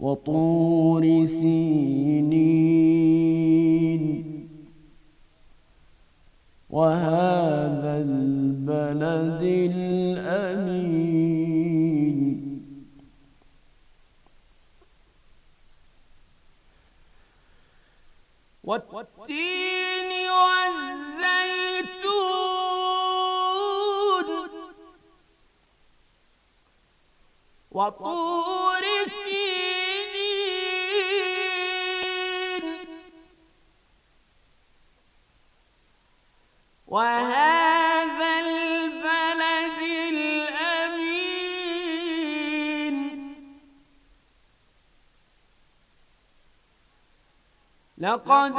وطور سينين لقد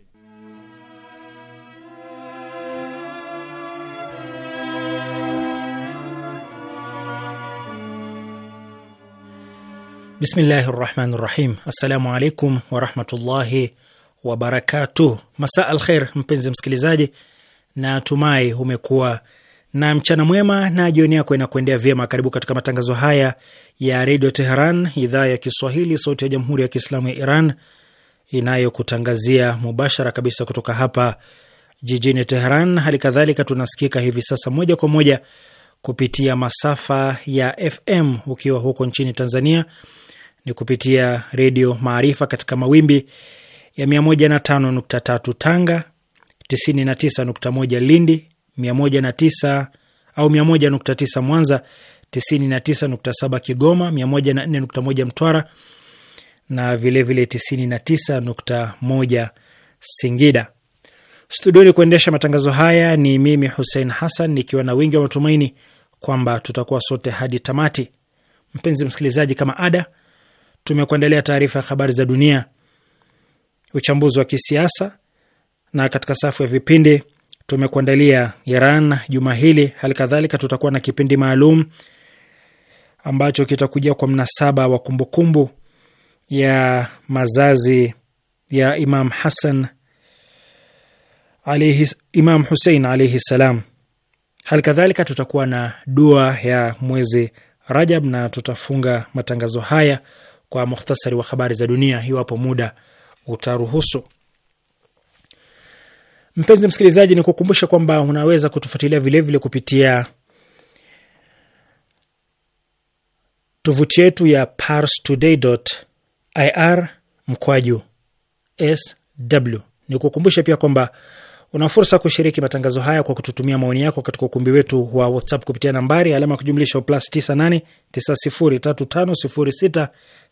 Bismillahi rahmani rahim. Assalamu alaikum warahmatullahi wabarakatuh. Masa al kher, mpenzi msikilizaji, na tumai umekuwa na mchana mwema na jioni yako inakuendea vyema. Karibu katika matangazo haya ya redio Teheran, idhaa ya Kiswahili, sauti ya jamhuri ya kiislamu ya Iran, inayokutangazia mubashara kabisa kutoka hapa jijini Teheran. Hali kadhalika tunasikika hivi sasa moja kwa moja kupitia masafa ya FM ukiwa huko nchini Tanzania ni kupitia Redio Maarifa katika mawimbi ya 105.3 Tanga, 99.1 Lindi, 109 au 101.9 Mwanza, 99.7 Kigoma, 104.1 Mtwara na vilevile 99.1 Singida. Studioni kuendesha matangazo haya ni mimi Hussein Hassan, nikiwa na wingi wa matumaini kwamba tutakuwa sote hadi tamati. Mpenzi msikilizaji, kama ada tumekuandalia taarifa ya habari za dunia, uchambuzi wa kisiasa, na katika safu ya vipindi tumekuandalia Iran juma hili. Hali kadhalika tutakuwa na kipindi maalum ambacho kitakujia kwa mnasaba wa kumbukumbu ya mazazi ya Imam Hasan alihi, Imam Husein alaihi salam. Hali kadhalika tutakuwa na dua ya mwezi Rajab na tutafunga matangazo haya kwa muhtasari wa habari za dunia iwapo muda utaruhusu. Mpenzi msikilizaji, ni kukumbusha kwamba unaweza kutufuatilia vilevile kupitia tovuti yetu ya parstoday.ir mkwaju sw. Ni kukumbusha pia kwamba una fursa kushiriki matangazo haya kwa kututumia maoni yako katika ukumbi wetu wa WhatsApp kupitia nambari alama ya kujumlisha plus 98 903506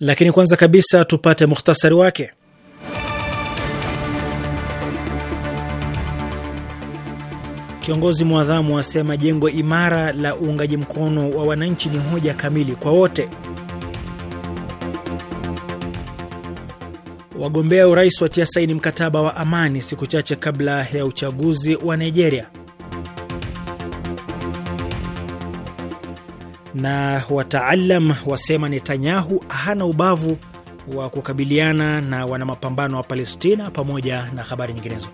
lakini kwanza kabisa tupate muhtasari wake. Kiongozi mwadhamu asema jengo imara la uungaji mkono wa wananchi ni hoja kamili kwa wote. Wagombea urais watia saini mkataba wa amani siku chache kabla ya uchaguzi wa Nigeria. na wataalam wasema Netanyahu hana ubavu wa kukabiliana na wanamapambano wa Palestina, pamoja na habari nyinginezo.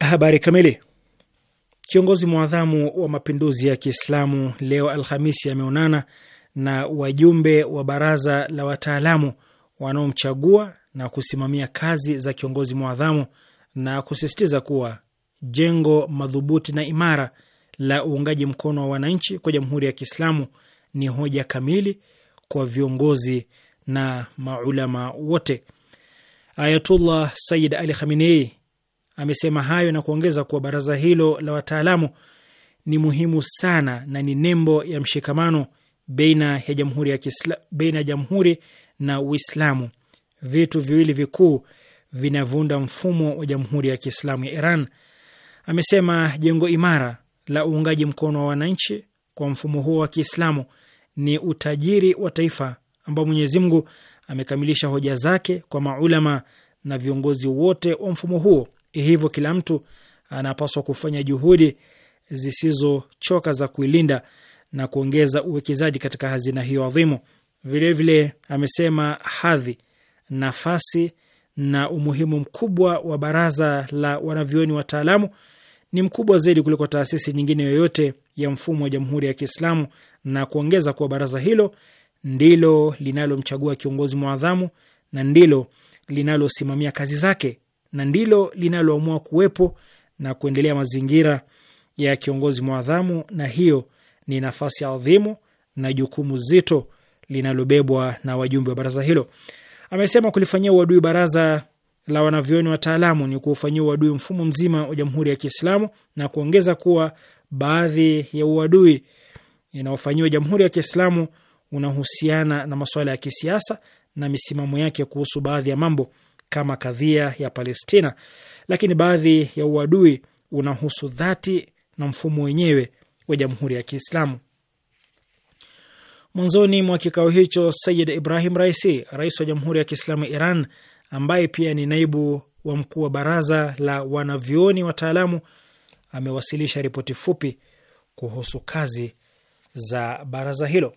Habari kamili. Kiongozi mwadhamu wa mapinduzi ya Kiislamu leo Alhamisi ameonana na wajumbe wa baraza la wataalamu wanaomchagua na kusimamia kazi za kiongozi mwadhamu na kusisitiza kuwa jengo madhubuti na imara la uungaji mkono wa wananchi kwa Jamhuri ya Kiislamu ni hoja kamili kwa viongozi na maulama wote. Ayatullah Sayyid Ali Khamenei amesema hayo na kuongeza kuwa baraza hilo la wataalamu ni muhimu sana na ni nembo ya mshikamano baina ya jamhuri ya Kiislamu, baina ya jamhuri na Uislamu, vitu viwili vikuu vinavyounda mfumo wa Jamhuri ya Kiislamu ya Iran. Amesema jengo imara la uungaji mkono wa wananchi kwa mfumo huo wa Kiislamu ni utajiri wa taifa ambao Mwenyezi Mungu amekamilisha hoja zake kwa maulama na viongozi wote wa mfumo huo. Hivyo kila mtu anapaswa kufanya juhudi zisizochoka za kuilinda na kuongeza uwekezaji katika hazina hiyo adhimu. Vilevile amesema hadhi, nafasi na umuhimu mkubwa wa baraza la wanavyoni wataalamu ni mkubwa zaidi kuliko taasisi nyingine yoyote ya mfumo wa Jamhuri ya Kiislamu, na kuongeza kuwa baraza hilo ndilo linalomchagua kiongozi mwadhamu na ndilo linalosimamia kazi zake na ndilo linaloamua kuwepo na kuendelea mazingira ya kiongozi mwadhamu, na hiyo ni nafasi adhimu na jukumu zito linalobebwa na wajumbe wa baraza hilo. Amesema kulifanyia uadui baraza la wanavyoni wataalamu ni kuufanyia uadui mfumo mzima wa Jamhuri ya Kiislamu na kuongeza kuwa baadhi ya uadui inaofanyiwa Jamhuri ya Kiislamu unahusiana na masuala ya kisiasa na misimamo yake kuhusu baadhi ya mambo kama kadhia ya Palestina, lakini baadhi ya uadui unahusu dhati na mfumo wenyewe wa Jamhuri ya Kiislamu. Mwanzoni mwa kikao hicho, Sayid Ibrahim Raisi, rais wa Jamhuri ya Kiislamu Iran, ambaye pia ni naibu wa mkuu wa baraza la wanavyuoni wataalamu, amewasilisha ripoti fupi kuhusu kazi za baraza hilo.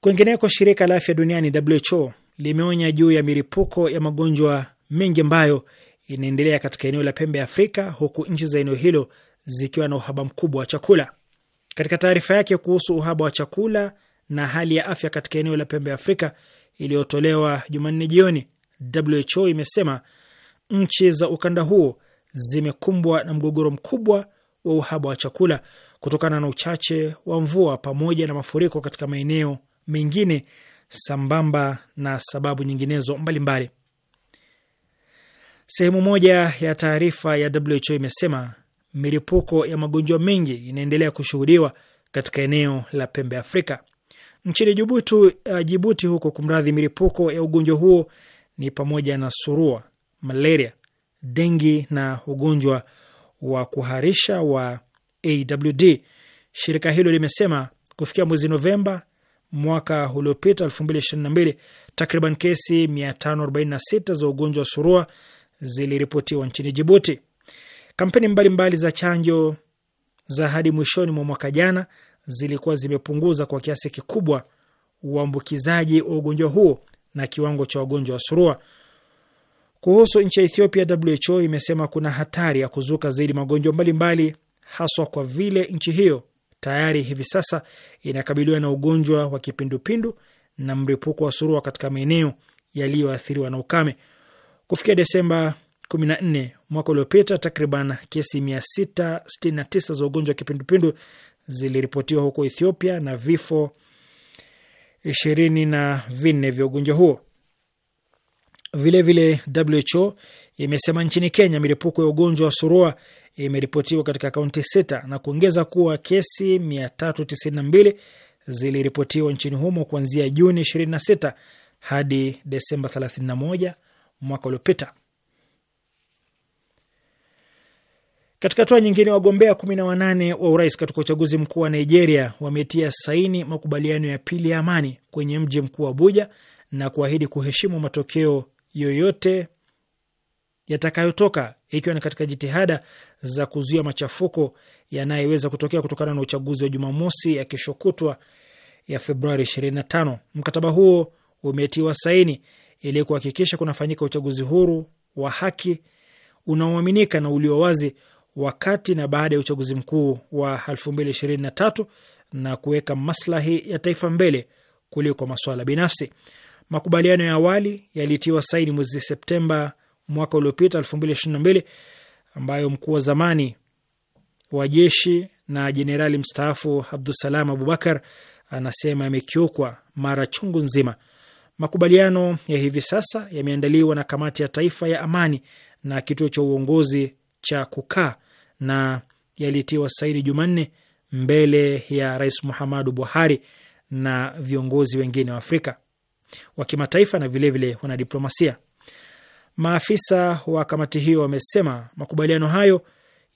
Kwingineko, shirika la afya duniani WHO limeonya juu ya milipuko ya magonjwa mengi ambayo inaendelea katika eneo la pembe ya Afrika, huku nchi za eneo hilo zikiwa na uhaba mkubwa wa chakula katika taarifa yake kuhusu uhaba wa chakula na hali ya afya katika eneo la pembe ya Afrika iliyotolewa Jumanne jioni, WHO imesema nchi za ukanda huo zimekumbwa na mgogoro mkubwa wa uhaba wa chakula kutokana na uchache wa mvua pamoja na mafuriko katika maeneo mengine sambamba na sababu nyinginezo mbalimbali. Sehemu moja ya taarifa ya WHO imesema milipuko ya magonjwa mengi inaendelea kushuhudiwa katika eneo la pembe Afrika. Nchini Jibuti, uh, Jibuti huko kumradhi, milipuko ya ugonjwa huo ni pamoja na surua, malaria, dengi na ugonjwa wa kuharisha wa AWD. Shirika hilo limesema kufikia mwezi Novemba mwaka uliopita 2022 takriban kesi 546 za ugonjwa wa surua ziliripotiwa nchini Jibuti. Kampeni mbalimbali za chanjo za hadi mwishoni mwa mwaka jana zilikuwa zimepunguza kwa kiasi kikubwa uambukizaji wa ugonjwa huo na kiwango cha wagonjwa wa surua. Kuhusu nchi ya Ethiopia, WHO imesema kuna hatari ya kuzuka zaidi magonjwa mbalimbali, haswa kwa vile nchi hiyo tayari hivi sasa inakabiliwa na ugonjwa wa kipindupindu na mlipuko wa surua katika maeneo yaliyoathiriwa na ukame. Kufikia Desemba 14 mwaka uliopita, takriban kesi 669 za ugonjwa wa kipindupindu ziliripotiwa huko Ethiopia na vifo 24 vya ugonjwa huo. Vilevile vile WHO imesema nchini Kenya milipuko ya ugonjwa wa surua imeripotiwa katika kaunti sita na kuongeza kuwa kesi 392 ziliripotiwa nchini humo kuanzia Juni 26 hadi Desemba 31 mwaka uliopita. Katika hatua nyingine, wagombea 18 wa urais katika uchaguzi mkuu wa Nigeria wametia saini makubaliano ya pili ya amani kwenye mji mkuu wa Abuja na kuahidi kuheshimu matokeo yoyote yatakayotoka, ikiwa ni katika jitihada za kuzuia machafuko yanayeweza kutokea kutokana na uchaguzi wa Jumamosi ya kesho kutwa ya Februari 25. Mkataba huo umetiwa saini ili kuhakikisha kunafanyika uchaguzi huru wa haki unaoaminika na ulio wazi wakati na baada ya uchaguzi mkuu wa 2023 na kuweka maslahi ya taifa mbele kuliko masuala binafsi. Makubaliano ya awali yalitiwa saini mwezi Septemba mwaka uliopita 2022, ambayo mkuu wa zamani wa jeshi na jenerali mstaafu Abdusalam Abubakar anasema yamekiukwa mara chungu nzima. Makubaliano ya hivi sasa yameandaliwa na kamati ya taifa ya amani na kituo cha uongozi cha kukaa na yalitiwa saini Jumanne mbele ya Rais Muhammadu Buhari na viongozi wengine wa Afrika wa kimataifa na vilevile wanadiplomasia. Maafisa wa kamati hiyo wamesema makubaliano hayo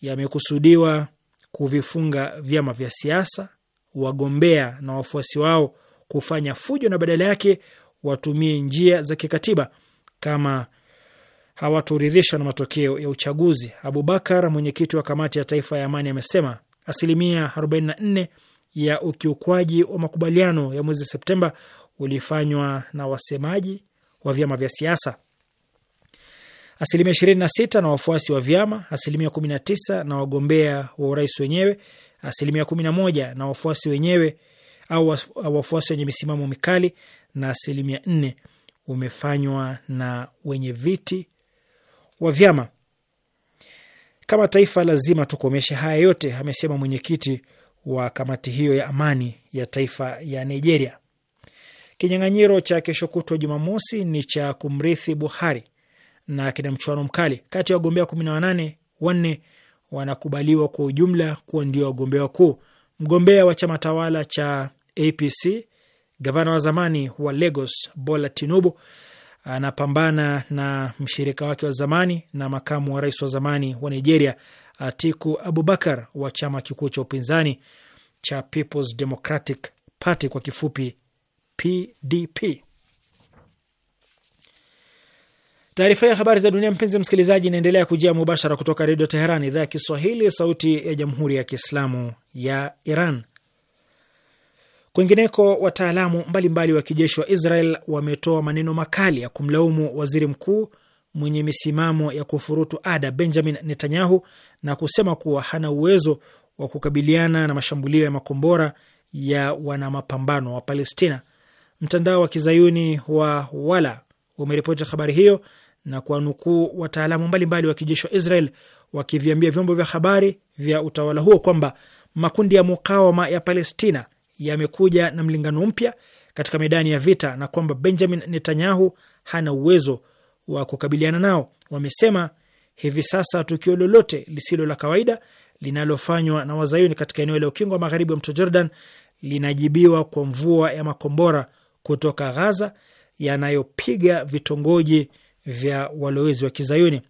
yamekusudiwa kuvifunga vyama vya siasa, wagombea na wafuasi wao kufanya fujo na badala yake watumie njia za kikatiba kama hawatoridhishwa na matokeo ya uchaguzi. Abubakar, mwenyekiti wa kamati ya taifa ya amani, amesema asilimia 44 ya ukiukwaji wa makubaliano ya mwezi Septemba ulifanywa na wasemaji wa vyama vya siasa, asilimia 26 na wafuasi wa vyama, asilimia 19 na wagombea wa urais wenyewe, asilimia 11 na wafuasi wenyewe au wafuasi wenye misimamo mikali, na asilimia 4 umefanywa na wenye viti wa vyama. Kama taifa lazima tukomeshe haya yote, amesema mwenyekiti wa kamati hiyo ya amani ya taifa ya Nigeria. Kinyang'anyiro cha kesho kutwa Jumamosi ni cha kumrithi Buhari na kina mchuano mkali kati ya wagombea kumi na wanane, wanne wanakubaliwa kwa ujumla kuwa ndio wagombea wakuu. Mgombea wa chama tawala cha APC, gavana wa zamani wa Lagos Bola Tinubu anapambana na mshirika wake wa zamani na makamu wa rais wa zamani wa Nigeria Atiku Abubakar wa chama kikuu cha upinzani cha Peoples Democratic Party kwa kifupi PDP. Taarifa ya habari za dunia, mpenzi msikilizaji, inaendelea kujia mubashara kutoka Redio Teheran, idhaa ya Kiswahili, sauti ya jamhuri ya kiislamu ya Iran. Kwingineko, wataalamu mbalimbali wa kijeshi wa Israel wametoa maneno makali ya kumlaumu waziri mkuu mwenye misimamo ya kufurutu ada Benjamin Netanyahu na kusema kuwa hana uwezo wa kukabiliana na mashambulio ya makombora ya wanamapambano wa Palestina. Mtandao wa kizayuni wa Wala umeripoti habari hiyo na kuwanukuu wataalamu mbalimbali wa kijeshi wa Israel wakiviambia vyombo vya habari vya utawala huo kwamba makundi ya mukawama ya Palestina yamekuja na mlingano mpya katika medani ya vita na kwamba Benjamin Netanyahu hana uwezo wa kukabiliana nao. Wamesema hivi sasa tukio lolote lisilo la kawaida linalofanywa na wazayuni katika eneo la ukingo wa magharibi wa mto Jordan linajibiwa kwa mvua ya makombora kutoka Ghaza yanayopiga vitongoji vya walowezi wa kizayuni.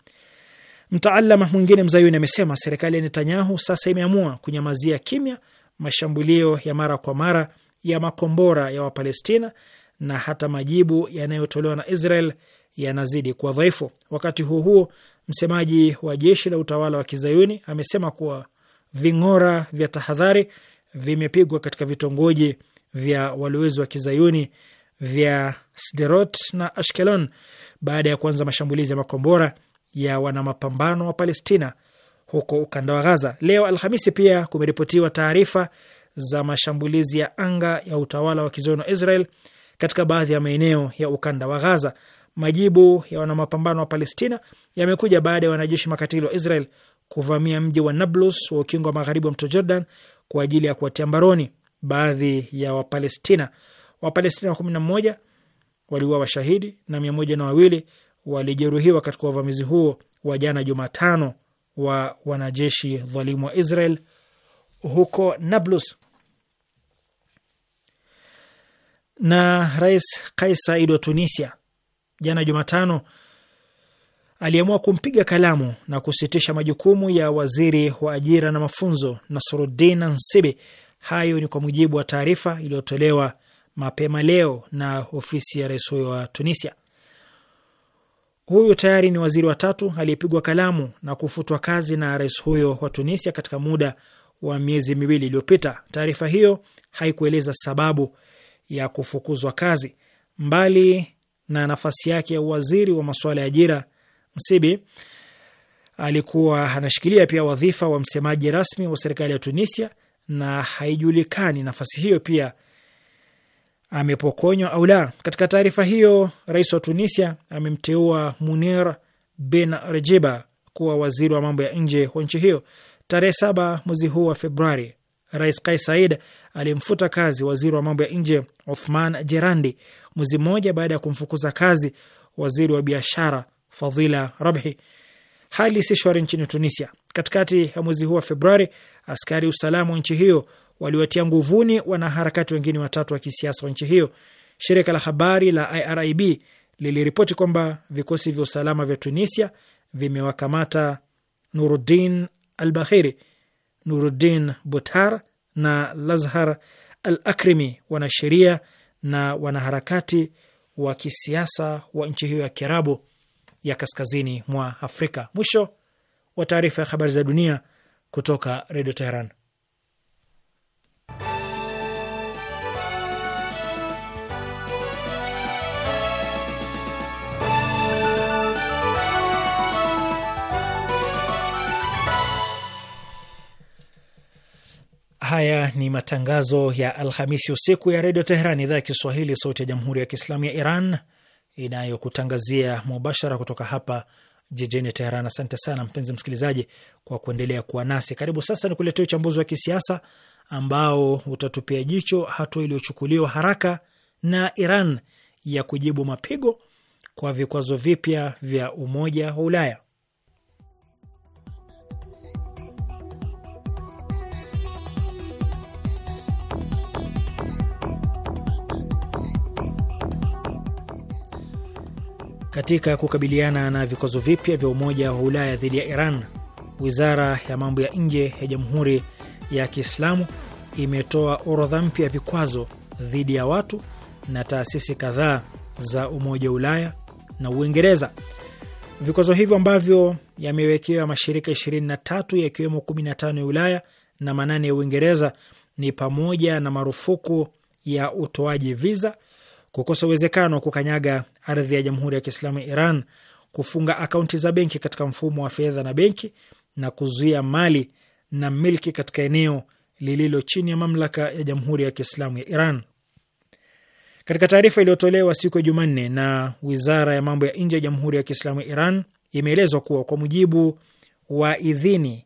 Mtaalam mwingine mzayuni amesema serikali ya Netanyahu sasa imeamua kunyamazia kimya mashambulio ya mara kwa mara ya makombora ya Wapalestina na hata majibu yanayotolewa na Israel yanazidi kuwa dhaifu. Wakati huo huo, msemaji wa jeshi la utawala wa kizayuni amesema kuwa ving'ora vya tahadhari vimepigwa katika vitongoji vya walowezi wa kizayuni vya Sderot na Ashkelon baada ya kuanza mashambulizi ya makombora ya wanamapambano wa Palestina huko ukanda wa Gaza. Leo Alhamisi pia kumeripotiwa taarifa za mashambulizi ya anga ya utawala wa kizayuni wa Israel katika baadhi ya maeneo ya ukanda wa Gaza. Majibu ya wanamapambano wa Palestina yamekuja baada ya wanajeshi makatili wa Israel kuvamia mji wa Nablus wa ukingo wa magharibi wa mto Jordan kwa ajili ya kuwatia mbaroni baadhi ya Wapalestina. Wapalestina kumi na mmoja waliuawa washahidi na mia moja na wawili walijeruhiwa katika uvamizi huo wa jana Jumatano wa wanajeshi dhalimu wa Israel huko Nablus. Na Rais Kais Said wa Tunisia jana Jumatano aliamua kumpiga kalamu na kusitisha majukumu ya waziri wa ajira na mafunzo Nasrudin Ansibi. Hayo ni kwa mujibu wa taarifa iliyotolewa mapema leo na ofisi ya rais huyo wa Tunisia. Huyu tayari ni waziri wa tatu aliyepigwa kalamu na kufutwa kazi na rais huyo wa Tunisia katika muda wa miezi miwili iliyopita. Taarifa hiyo haikueleza sababu ya kufukuzwa kazi. Mbali na nafasi yake ya waziri wa masuala ya ajira, Msibi alikuwa anashikilia pia wadhifa wa msemaji rasmi wa serikali ya Tunisia, na haijulikani nafasi hiyo pia amepokonywa au la. Katika taarifa hiyo, rais wa Tunisia amemteua Munir bin Rejeba kuwa waziri wa mambo ya nje wa nchi hiyo. Tarehe saba mwezi huu wa Februari, Rais Kais Said alimfuta kazi waziri wa mambo ya nje Othman Jerandi, mwezi mmoja baada ya kumfukuza kazi waziri wa biashara Fadhila Rabhi. Hali si shwari nchini Tunisia. Katikati ya mwezi huu wa Februari, askari usalama wa nchi hiyo waliwatia nguvuni wanaharakati wengine watatu wa kisiasa wa nchi hiyo. Shirika la habari la IRIB liliripoti kwamba vikosi vya usalama vya Tunisia vimewakamata Nuruddin al Bahiri, Nuruddin Butar na Lazhar al Akrimi, wanasheria na wanaharakati wa kisiasa wa nchi hiyo ya kiarabu ya kaskazini mwa Afrika. Mwisho wa taarifa ya habari za dunia kutoka Redio Teheran. haya ni matangazo ya Alhamisi usiku ya Redio Teheran, idhaa ya Kiswahili, sauti ya Jamhuri ya Kiislamu ya Iran inayokutangazia mubashara kutoka hapa jijini Teheran. Asante sana mpenzi msikilizaji kwa kuendelea kuwa nasi. Karibu sasa ni kuletea uchambuzi wa kisiasa ambao utatupia jicho hatua iliyochukuliwa haraka na Iran ya kujibu mapigo kwa vikwazo vipya vya Umoja wa Ulaya. katika kukabiliana na vikwazo vipya vya Umoja wa Ulaya dhidi ya Iran. Wizara ya mambo ya nje ya Jamhuri ya Kiislamu imetoa orodha mpya ya vikwazo dhidi ya watu na taasisi kadhaa za Umoja wa Ulaya na Uingereza. Vikwazo hivyo ambavyo yamewekewa mashirika 23 yakiwemo 15 ya Ulaya na manane ya Uingereza ni pamoja na marufuku ya utoaji viza, kukosa uwezekano wa kukanyaga ardhi ya Jamhuri ya Kiislamu ya Iran, kufunga akaunti za benki katika mfumo wa fedha na benki, na kuzuia mali na milki katika eneo lililo chini ya mamlaka ya Jamhuri ya Kiislamu ya Iran. Katika taarifa iliyotolewa siku ya Jumanne na wizara ya mambo ya nje ya Jamhuri ya Kiislamu ya Iran, imeelezwa kuwa kwa mujibu wa idhini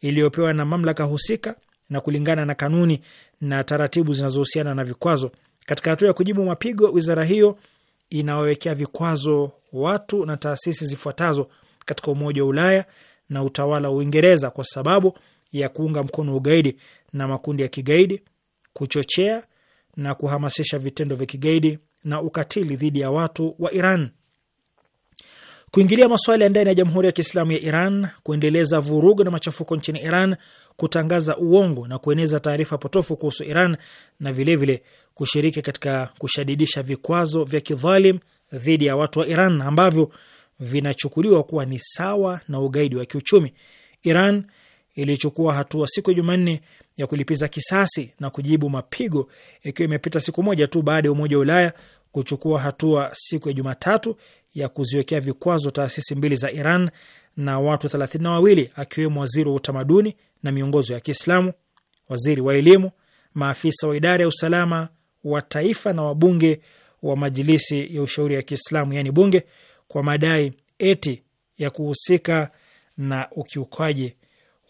iliyopewa na mamlaka husika na kulingana na kanuni na taratibu zinazohusiana na vikwazo, katika hatua ya kujibu mapigo, wizara hiyo inawawekea vikwazo watu na taasisi zifuatazo katika Umoja wa Ulaya na utawala wa Uingereza kwa sababu ya kuunga mkono ugaidi na makundi ya kigaidi, kuchochea na kuhamasisha vitendo vya kigaidi na ukatili dhidi ya watu wa Iran, kuingilia masuala ya ndani ya Jamhuri ya Kiislamu ya Iran, kuendeleza vurugu na machafuko nchini Iran, kutangaza uongo na kueneza taarifa potofu kuhusu Iran na vilevile vile kushiriki katika kushadidisha vikwazo vya kidhalim dhidi ya watu wa Iran ambavyo vinachukuliwa kuwa ni sawa na ugaidi wa kiuchumi. Iran ilichukua hatua siku ya Jumanne ya kulipiza kisasi na kujibu mapigo, ikiwa imepita siku moja tu baada ya Umoja wa Ulaya kuchukua hatua siku ya Jumatatu ya kuziwekea vikwazo taasisi mbili za Iran na watu thelathini na wawili akiwemo waziri wa utamaduni na miongozo ya Kiislamu, waziri wa elimu, maafisa wa idara ya usalama wa taifa na wabunge wa majilisi ya ushauri ya Kiislamu, yaani bunge, kwa madai eti ya kuhusika na ukiukaji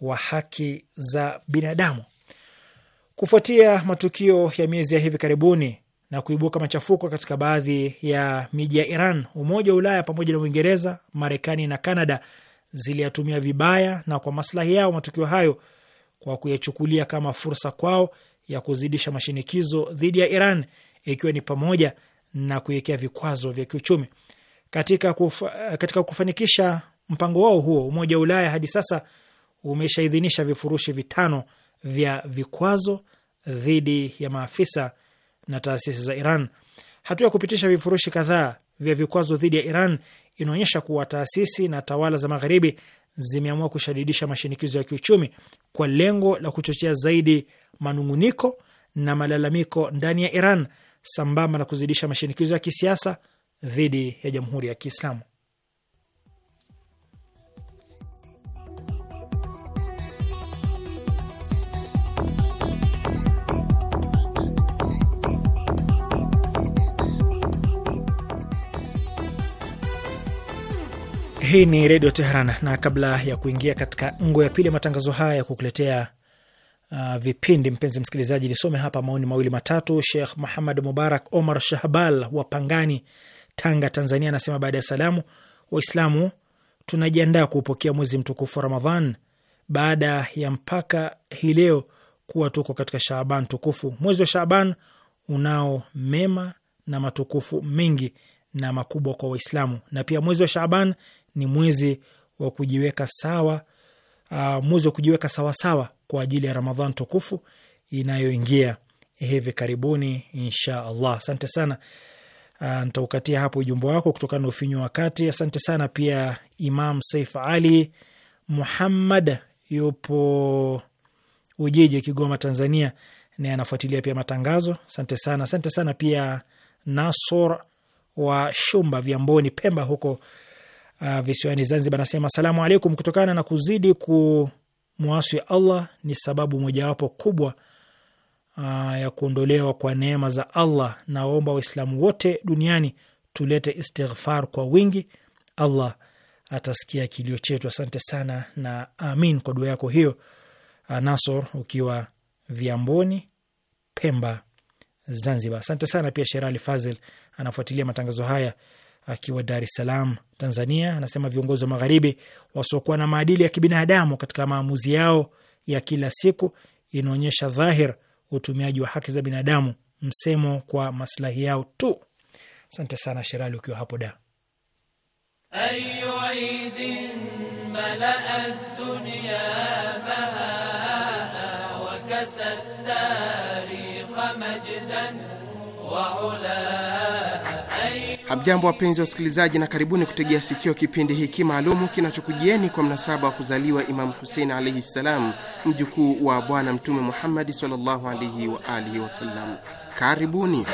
wa haki za binadamu. Kufuatia matukio ya miezi ya hivi karibuni na kuibuka machafuko katika baadhi ya miji ya Iran, Umoja wa Ulaya pamoja na Uingereza, Marekani na Kanada ziliyatumia vibaya na kwa maslahi yao matukio hayo kwa kuyachukulia kama fursa kwao ya kuzidisha mashinikizo dhidi ya Iran ikiwa ni pamoja na kuiwekea vikwazo vya kiuchumi. Katika, kufa, katika kufanikisha mpango wao huo, Umoja wa Ulaya hadi sasa umeshaidhinisha vifurushi vitano vya vikwazo dhidi ya maafisa na taasisi za Iran. Hatua ya kupitisha vifurushi kadhaa vya vikwazo dhidi ya Iran inaonyesha kuwa taasisi na tawala za Magharibi zimeamua kushadidisha mashinikizo ya kiuchumi kwa lengo la kuchochea zaidi manunguniko na malalamiko ndani ya Iran sambamba na kuzidisha mashinikizo ya kisiasa dhidi ya Jamhuri ya Kiislamu. Hii ni Redio Teheran, na kabla ya kuingia katika ngo ya pili ya matangazo haya ya kukuletea uh, vipindi, mpenzi msikilizaji, nisome hapa maoni mawili matatu. Sheikh Muhammad Mubarak Omar Shahbal wa Pangani, Tanga, Tanzania, anasema baada ya salamu, Waislamu tunajiandaa kuupokea mwezi mtukufu Ramadhan baada ya mpaka hii leo kuwa tuko katika Shaaban tukufu. Mwezi wa Shaaban unao mema na matukufu mengi na makubwa kwa Waislamu, na pia mwezi wa Shaaban ni mwezi wa kujiweka sawa, uh, mwezi wa kujiweka sawasawa sawa kwa ajili ya Ramadhan tukufu inayoingia hivi karibuni insha Allah. Asante sana. Uh, ntaukatia hapo ujumbe wako kutokana na ufinyu wa wakati. Asante sana pia Imam Saif Ali Muhammad yupo Ujiji, Kigoma, Tanzania, naye anafuatilia pia matangazo. Asante sana, asante sana pia Nasor wa Shumba Vyamboni, Pemba huko uh, visiwani Zanzibar anasema asalamu alaikum. Kutokana na kuzidi kumwasi Allah ni sababu mojawapo kubwa uh, ya kuondolewa kwa neema za Allah. Naomba Waislamu wote duniani tulete istighfar kwa wingi, Allah atasikia kilio chetu. Asante sana na amin kwa dua yako hiyo, uh, Nasor ukiwa Viamboni, Pemba, Zanzibar. Asante sana pia. Sherali Fazil anafuatilia matangazo haya akiwa Dar es Salaam, Tanzania, anasema viongozi wa magharibi wasiokuwa na maadili ya kibinadamu katika maamuzi yao ya kila siku inaonyesha dhahir utumiaji wa haki za binadamu msemo kwa maslahi yao tu. Asante sana Sherali, ukiwa hapo da Ayu Hamjambo, wapenzi wa wasikilizaji, na karibuni kutegea sikio kipindi hiki maalumu kinachokujieni kwa mnasaba wa kuzaliwa Imamu Husein alaihi ssalam, mjukuu wa Bwana Mtume Muhammadi sallallahu alaihi wa alihi wasallam. Karibuni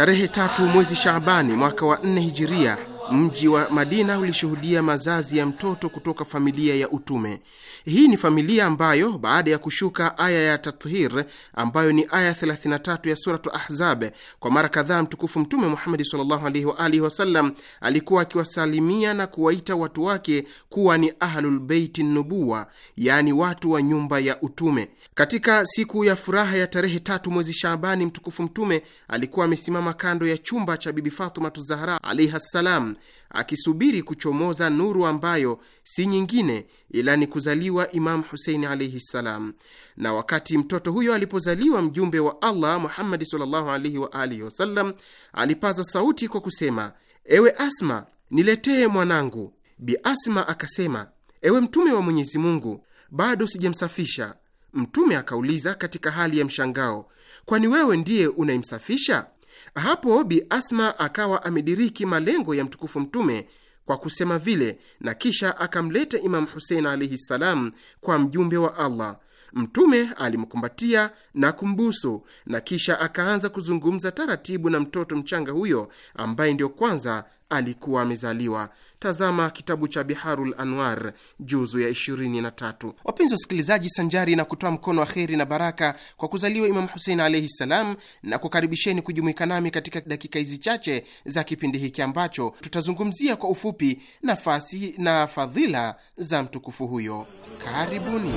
tarehe tatu mwezi Shaabani mwaka wa nne hijiria Mji wa Madina ulishuhudia mazazi ya mtoto kutoka familia ya utume. Hii ni familia ambayo baada ya kushuka aya ya tathir ambayo ni aya 33 ya Suratu Ahzab, kwa mara kadhaa mtukufu Mtume Muhamadi sallallahu alaihi wa alihi wasallam alikuwa akiwasalimia na kuwaita watu wake kuwa ni Ahlulbeiti Nubuwa, yaani watu wa nyumba ya utume. Katika siku ya furaha ya tarehe tatu mwezi Shaabani, mtukufu Mtume alikuwa amesimama kando ya chumba cha Bibi Fatumatu Zahra alaihi ssalam akisubiri kuchomoza nuru ambayo si nyingine ila ni kuzaliwa Imamu Husein alaihi ssalam. Na wakati mtoto huyo alipozaliwa, mjumbe wa Allah Muhammadi sallallahu alaihi wa alihi wasallam alipaza sauti kwa kusema, ewe Asma, niletee mwanangu. Bi Asma akasema, ewe Mtume wa Mwenyezi Mungu, bado sijamsafisha. Mtume akauliza katika hali ya mshangao, kwani wewe ndiye unayemsafisha? Hapo Bi Asma akawa amediriki malengo ya mtukufu Mtume kwa kusema vile, na kisha akamleta Imamu Husein alaihi ssalam kwa mjumbe wa Allah. Mtume alimkumbatia na kumbusu, na kisha akaanza kuzungumza taratibu na mtoto mchanga huyo ambaye ndiyo kwanza alikuwa amezaliwa. Tazama kitabu cha Biharul Anwar juzu ya 23. Wapenzi wasikilizaji, sanjari na kutoa mkono wa kheri na baraka kwa kuzaliwa Imamu Husein alaihi ssalam, na kukaribisheni kujumuika nami katika dakika hizi chache za kipindi hiki ambacho tutazungumzia kwa ufupi nafasi na fadhila za mtukufu huyo. Karibuni.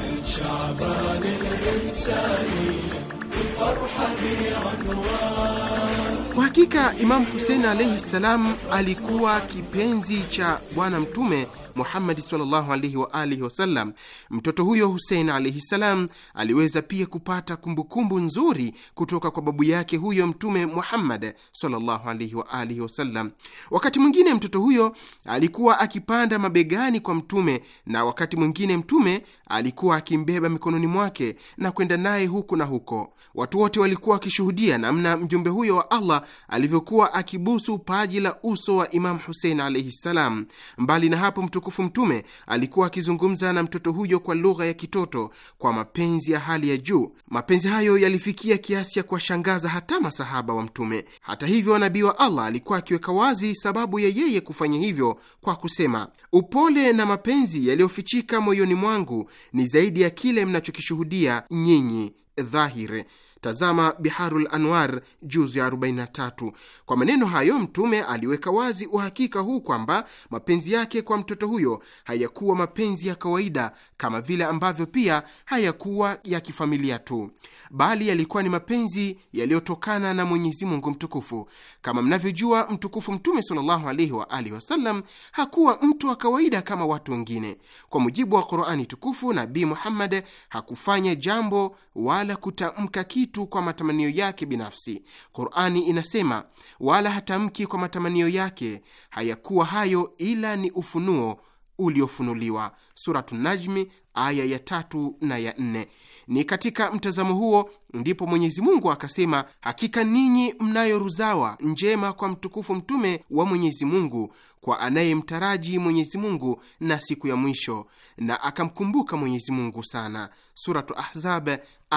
Kwa hakika Imamu Husein alaihi salam alikuwa kipenzi cha Bwana Mtume Muhammadi sallallahu alaihi wa alihi wasallam, mtoto huyo Husein alaihi salam aliweza pia kupata kumbukumbu kumbu nzuri kutoka kwa babu yake huyo Mtume Muhammad sallallahu alaihi wa alihi wasallam. Wakati mwingine mtoto huyo alikuwa akipanda mabegani kwa Mtume na wakati mwingine Mtume alikuwa akimbeba mikononi mwake na kwenda naye huku na huko. Watu wote walikuwa wakishuhudia namna mjumbe huyo wa Allah alivyokuwa akibusu paji la uso wa Imamu Husein alaihi salam. Mbali na hapo mtu mtukufu Mtume alikuwa akizungumza na mtoto huyo kwa lugha ya kitoto kwa mapenzi ya hali ya juu. Mapenzi hayo yalifikia kiasi ya kuwashangaza hata masahaba wa Mtume. Hata hivyo, nabii wa Allah alikuwa akiweka wazi sababu ya yeye kufanya hivyo kwa kusema, upole na mapenzi yaliyofichika moyoni mwangu ni zaidi ya kile mnachokishuhudia nyinyi dhahiri Tazama Biharul Anwar juzu ya 43. Kwa maneno hayo Mtume aliweka wazi uhakika huu kwamba mapenzi yake kwa mtoto huyo hayakuwa mapenzi ya kawaida, kama vile ambavyo pia hayakuwa ya kifamilia tu, bali yalikuwa ni mapenzi yaliyotokana na Mwenyezi Mungu Mtukufu. Kama mnavyojua, mtukufu Mtume sallallahu alaihi wa alihi wasallam hakuwa mtu wa kawaida kama watu wengine. Kwa mujibu wa Qurani Tukufu, Nabii Muhammad hakufanya jambo wala kutamka kitu kitu kwa matamanio yake binafsi. Qurani inasema, wala hatamki kwa matamanio yake, hayakuwa hayo ila ni ufunuo uliofunuliwa. Suratu Najmi aya ya tatu na ya nne. Ni katika mtazamo huo ndipo Mwenyezi Mungu akasema, hakika ninyi mnayo ruzawa njema kwa mtukufu mtume wa Mwenyezi Mungu, kwa anayemtaraji Mwenyezi Mungu na siku ya mwisho, na akamkumbuka Mwenyezi Mungu sana. Suratu Ahzab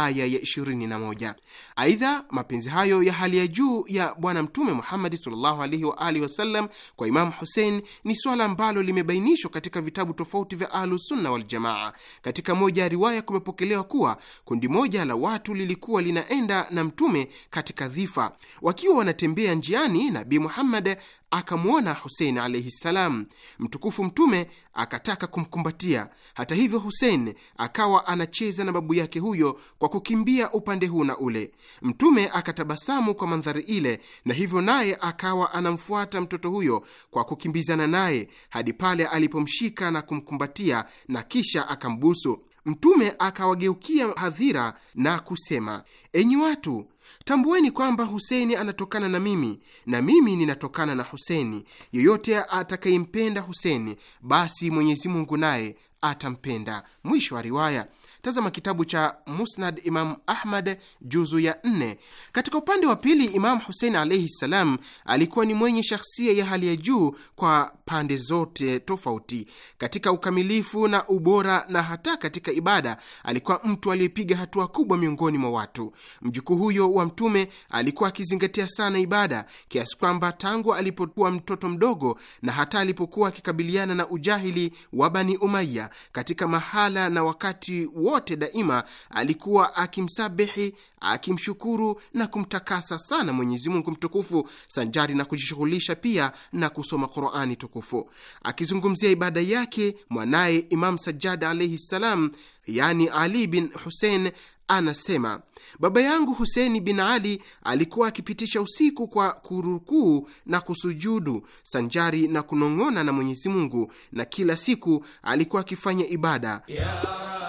aya ya Aidha, mapenzi hayo ya hali ya juu ya Bwana Mtume Muhammadi sallallahu alaihi wa alihi wasallam kwa Imamu Husein ni swala ambalo limebainishwa katika vitabu tofauti vya Ahlusunna Waljamaa. Katika moja ya riwaya kumepokelewa kuwa kundi moja la watu lilikuwa linaenda na Mtume katika dhifa. Wakiwa wanatembea njiani, Nabii Muhammad akamwona Husein alaihi ssalam, mtukufu Mtume akataka kumkumbatia. Hata hivyo, Husein akawa anacheza na babu yake huyo kwa kukimbia upande huu na ule. Mtume akatabasamu kwa mandhari ile, na hivyo naye akawa anamfuata mtoto huyo kwa kukimbizana naye hadi pale alipomshika na kumkumbatia na kisha akambusu. Mtume akawageukia hadhira na kusema, enyi watu Tambueni kwamba Huseni anatokana na mimi na mimi ninatokana na Huseni. Yeyote atakayempenda Huseni, basi Mwenyezi Mungu naye atampenda. Mwisho wa riwaya. Tazama kitabu cha Musnad Imam Ahmad juzu ya nne. Katika upande wa pili, Imam Husein alaihi ssalam alikuwa ni mwenye shahsia ya hali ya juu kwa pande zote tofauti, katika ukamilifu na ubora, na hata katika ibada alikuwa mtu aliyepiga hatua kubwa miongoni mwa watu. Mjukuu huyo wa Mtume alikuwa akizingatia sana ibada kiasi kwamba tangu alipokuwa mtoto mdogo na hata alipokuwa akikabiliana na ujahili wa Bani Umaya katika mahala na wakati wo wote daima alikuwa akimsabihi, akimshukuru na kumtakasa sana Mwenyezi Mungu mtukufu, sanjari na kujishughulisha pia na kusoma Qurani tukufu. Akizungumzia ibada yake mwanaye Imam Sajjad alaihi ssalam, yani Ali bin Husein anasema baba yangu Huseni bin Ali alikuwa akipitisha usiku kwa kurukuu na kusujudu sanjari na kunong'ona na Mwenyezi Mungu, na kila siku alikuwa akifanya ibada ya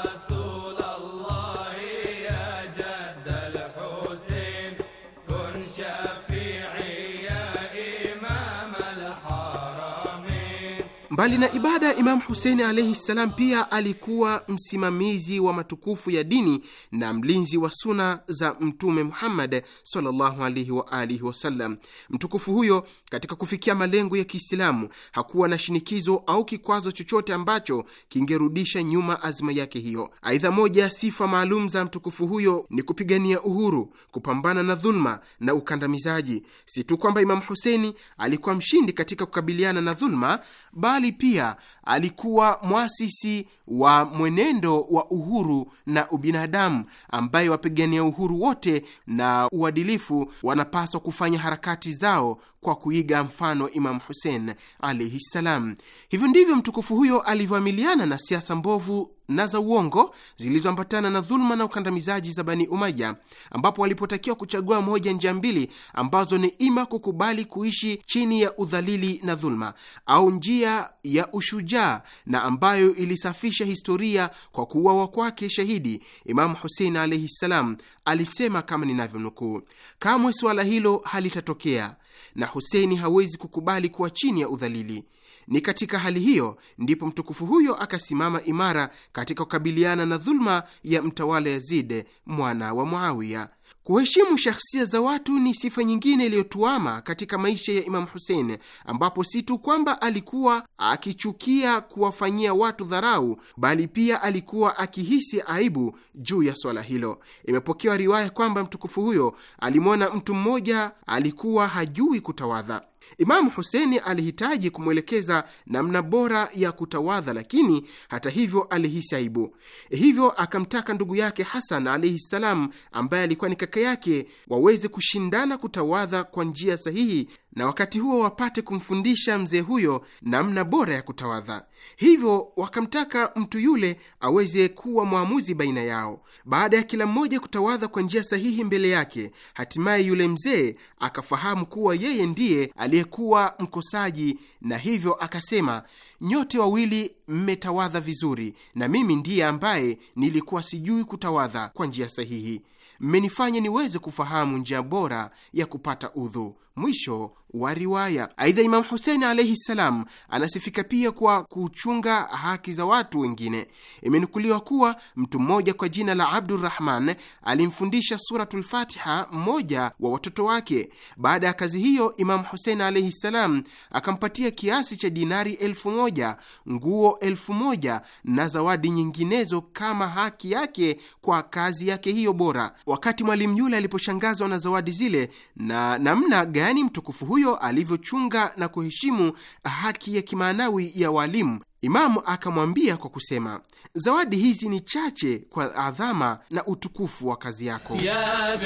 Rasul. Mbali na ibada, Imamu Huseini alaihi ssalam pia alikuwa msimamizi wa matukufu ya dini na mlinzi wa suna za Mtume Muhammad sallallahu alaihi wa alihi wasallam. Mtukufu huyo katika kufikia malengo ya Kiislamu hakuwa na shinikizo au kikwazo chochote ambacho kingerudisha nyuma azma yake hiyo. Aidha, moja ya sifa maalum za mtukufu huyo ni kupigania uhuru, kupambana na dhulma na ukandamizaji. Si tu kwamba Imamu Huseini alikuwa mshindi katika kukabiliana na dhulma bali bali pia alikuwa mwasisi wa mwenendo wa uhuru na ubinadamu ambaye wapigania uhuru wote na uadilifu wanapaswa kufanya harakati zao kwa kuiga mfano Imamu Husein alaihi ssalam. Hivyo ndivyo mtukufu huyo alivyoamiliana na siasa mbovu na za uongo zilizoambatana na dhuluma na ukandamizaji za Bani Umaya, ambapo walipotakiwa kuchagua moja njia mbili ambazo ni ima kukubali kuishi chini ya udhalili na dhuluma, au njia ya ushujaa na ambayo ilisafisha historia kwa kuuawa kwake shahidi Imamu Husein alaihi ssalam, alisema kama ninavyonukuu, kamwe suala hilo halitatokea na Huseini hawezi kukubali kuwa chini ya udhalili ni katika hali hiyo ndipo mtukufu huyo akasimama imara katika kukabiliana na dhuluma ya mtawala Yazid mwana wa Muawiya. Kuheshimu shahsia za watu ni sifa nyingine iliyotuama katika maisha ya Imamu Husein, ambapo si tu kwamba alikuwa akichukia kuwafanyia watu dharau, bali pia alikuwa akihisi aibu juu ya swala hilo. Imepokewa riwaya kwamba mtukufu huyo alimwona mtu mmoja alikuwa hajui kutawadha. Imamu Huseni alihitaji kumwelekeza namna bora ya kutawadha, lakini hata hivyo alihisi aibu, hivyo akamtaka ndugu yake Hasan alaihi ssalam, ambaye alikuwa ni kaka yake, waweze kushindana kutawadha kwa njia sahihi, na wakati huo wapate kumfundisha mzee huyo namna bora ya kutawadha. Hivyo wakamtaka mtu yule aweze kuwa mwamuzi baina yao. Baada ya kila mmoja kutawadha kwa njia sahihi mbele yake, hatimaye yule mzee akafahamu kuwa yeye ndiye aliyekuwa mkosaji, na hivyo akasema, nyote wawili mmetawadha vizuri, na mimi ndiye ambaye nilikuwa sijui kutawadha kwa njia sahihi. Mmenifanya niweze kufahamu njia bora ya kupata udhu. Mwisho wa riwaya. Aidha, Imamu Husein alaihi ssalam anasifika pia kwa kuchunga haki za watu wengine. Imenukuliwa kuwa mtu mmoja kwa jina la Abdurrahman alimfundisha Suratul Fatiha mmoja wa watoto wake. Baada ya kazi hiyo, Imamu Husein alaihi ssalam akampatia kiasi cha dinari elfu moja, nguo elfu moja na zawadi nyinginezo kama haki yake kwa kazi yake hiyo bora. Wakati mwalimu yule aliposhangazwa na zawadi zile na namna gani mtukufu huyo alivyochunga na kuheshimu haki ya kimaanawi ya walimu, Imamu akamwambia kwa kusema, zawadi hizi ni chache kwa adhama na utukufu wa kazi yako ya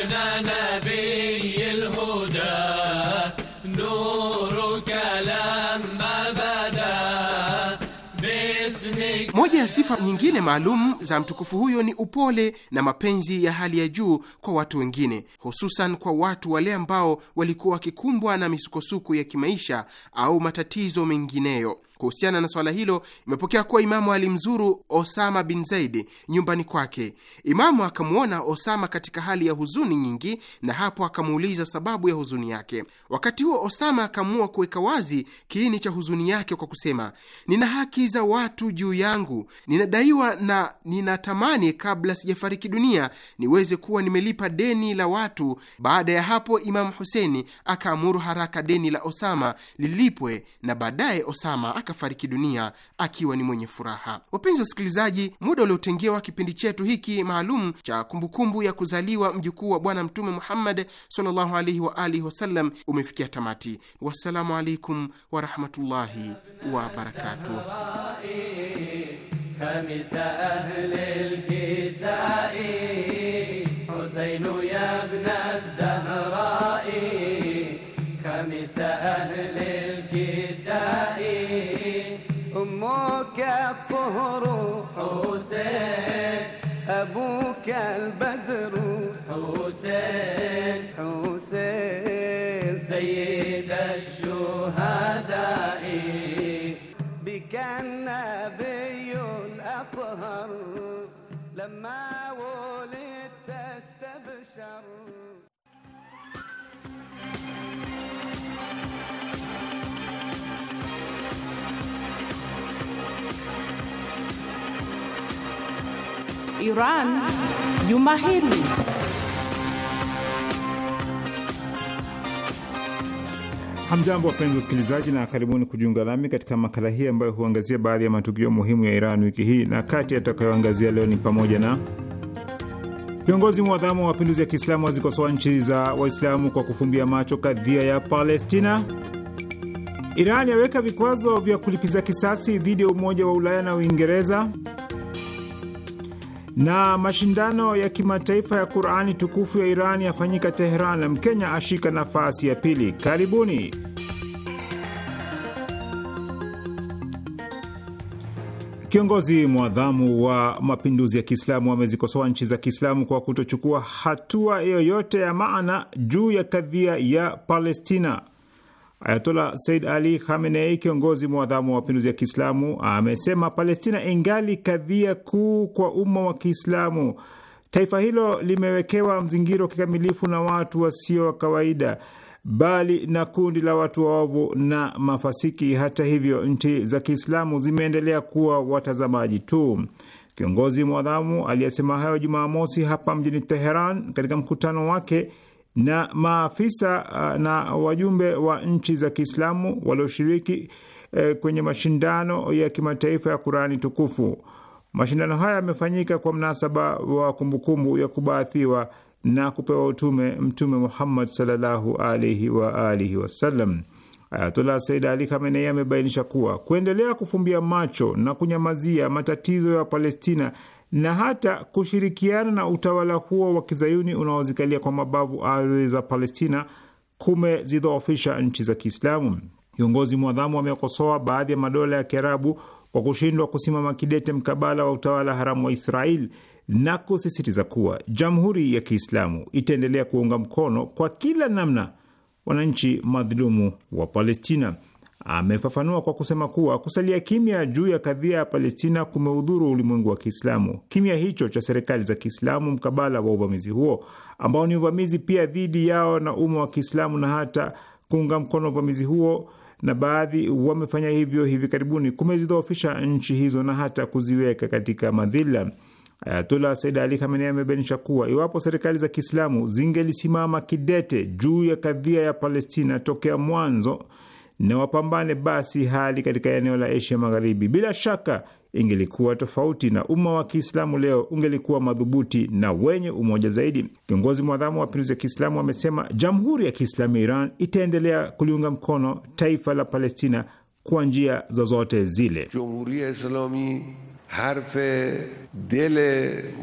Moja ya sifa nyingine maalum za mtukufu huyo ni upole na mapenzi ya hali ya juu kwa watu wengine, hususan kwa watu wale ambao walikuwa wakikumbwa na misukosuko ya kimaisha au matatizo mengineyo. Kuhusiana na swala hilo, imepokea kuwa Imamu alimzuru Osama bin Zaidi nyumbani kwake. Imamu akamwona Osama katika hali ya huzuni nyingi, na hapo akamuuliza sababu ya huzuni yake. Wakati huo Osama akaamua kuweka wazi kiini cha huzuni yake kwa kusema, nina haki za watu juu yangu, ninadaiwa na ninatamani kabla sijafariki dunia niweze kuwa nimelipa deni la watu. Baada ya hapo, Imamu Huseni akaamuru haraka deni la Osama lilipwe, na baadaye Osama akafariki dunia akiwa ni mwenye furaha. Wapenzi wasikilizaji, muda uliotengewa kipindi chetu hiki maalum cha kumbukumbu ya kuzaliwa mjukuu wa Bwana Mtume Muhammad sallallahu alaihi wa alihi wasallam umefikia tamati. Wassalamu alaikum warahmatullahi wabarakatuh. أمك الطهر حسين أبوك البدر حسين حسين سيد الشهداء بك النبي الأطهر لما ولدت استبشر Iran juma hili. Hamjambo, wapenzi wasikilizaji, na karibuni kujiunga nami katika makala hii ambayo huangazia baadhi ya matukio muhimu ya Iran wiki hii, na kati yatakayoangazia leo ni pamoja na Viongozi mwadhamu wa mapinduzi ya Kiislamu wazikosoa nchi za Waislamu kwa kufumbia macho kadhia ya Palestina. Iran yaweka vikwazo vya kulipiza kisasi dhidi ya Umoja wa Ulaya na Uingereza na mashindano ya kimataifa ya Qurani tukufu ya Iran yafanyika Teheran. Mkenya ashika nafasi ya pili. Karibuni. Kiongozi mwadhamu wa mapinduzi ya Kiislamu amezikosoa nchi za Kiislamu kwa kutochukua hatua yoyote ya maana juu ya kadhia ya Palestina. Ayatola Said Ali Khamenei, kiongozi mwadhamu wa mapinduzi ya Kiislamu, amesema Palestina ingali kadhia kuu kwa umma wa Kiislamu. Taifa hilo limewekewa mzingiro kikamilifu na watu wasio wa kawaida, bali na kundi la watu waovu na mafasiki. Hata hivyo, nchi za Kiislamu zimeendelea kuwa watazamaji tu. Kiongozi mwadhamu aliyesema hayo Jumaa mosi hapa mjini Teheran katika mkutano wake na maafisa uh, na wajumbe wa nchi za Kiislamu walioshiriki uh, kwenye mashindano ya kimataifa ya Kurani tukufu. Mashindano haya yamefanyika kwa mnasaba wa kumbukumbu ya kubaathiwa na kupewa utume Mtume Muhammad sallallahu alaihi wa alihi wasallam. Ayatullah Said Ali Khamenei amebainisha kuwa kuendelea kufumbia macho na kunyamazia matatizo ya Palestina na hata kushirikiana na utawala huo wa kizayuni unaozikalia kwa mabavu ardhi za Palestina kumezidhoofisha nchi za Kiislamu. Kiongozi mwadhamu amekosoa baadhi ya madola ya Kiarabu kwa kushindwa kusimama kidete mkabala wa utawala haramu wa Israel na kusisitiza kuwa Jamhuri ya Kiislamu itaendelea kuunga mkono kwa kila namna wananchi madhulumu wa Palestina amefafanua kwa kusema kuwa kusalia kimya juu ya kadhia ya Palestina kumeudhuru ulimwengu wa Kiislamu. Kimya hicho cha serikali za Kiislamu mkabala wa uvamizi huo ambao ni uvamizi pia dhidi yao na umma wa Kiislamu na hata kuunga mkono uvamizi huo, na baadhi wamefanya hivyo hivi karibuni, kumezidhoofisha nchi hizo na hata kuziweka katika madhila. Ayatullah Said Ali Khamenei amebainisha kuwa iwapo serikali za Kiislamu zingelisimama kidete juu ya kadhia ya Palestina tokea mwanzo na wapambane basi hali katika eneo la Asia Magharibi. Bila shaka ingelikuwa tofauti na umma wa Kiislamu leo ungelikuwa madhubuti na wenye umoja zaidi. Kiongozi mwadhamu wa mapinduzi ya Kiislamu amesema Jamhuri ya Kiislamu ya Iran itaendelea kuliunga mkono taifa la Palestina kwa njia zozote zile. Jamhuri ya Islami حرف دل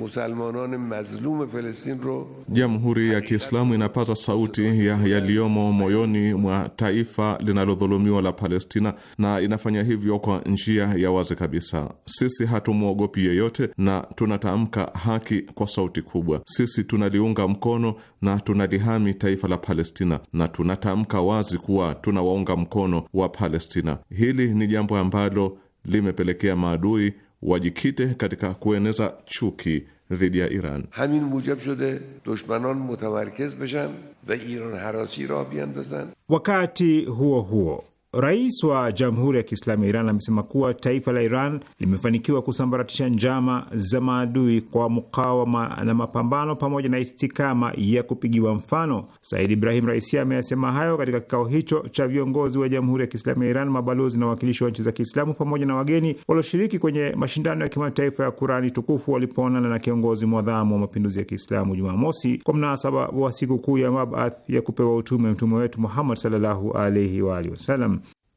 musalmanan mazlum Palestin ro. Jamhuri ya Kiislamu inapaza sauti ya yaliyomo moyoni mwa taifa linalodhulumiwa la Palestina na inafanya hivyo kwa njia ya wazi kabisa. Sisi hatumwogopi yeyote na tunatamka haki kwa sauti kubwa. Sisi tunaliunga mkono na tunalihami taifa la Palestina na tunatamka wazi kuwa tunawaunga mkono wa Palestina. Hili ni jambo ambalo limepelekea maadui wajikite katika kueneza chuki dhidi ya Iran. hamin mujab shode dushmanon mutamarkez beshan va iran harasi ra biandazan. Wakati huo huo Rais wa Jamhuri ya Kiislamu ya Iran amesema kuwa taifa la Iran limefanikiwa kusambaratisha njama za maadui kwa mukawama na mapambano pamoja na istikama ya kupigiwa mfano. Said Ibrahim Raisi ameyasema hayo katika kikao hicho cha viongozi wa Jamhuri ya Kiislamu ya Iran, mabalozi na wawakilishi wa nchi za Kiislamu pamoja na wageni walioshiriki kwenye mashindano ya kimataifa ya Kurani tukufu walipoonana na kiongozi mwadhamu wa mapinduzi ya Kiislamu Jumamosi kwa mnasaba wa sikukuu ya mabath ya kupewa utume mtume wetu Muhammad sallallahu alaihi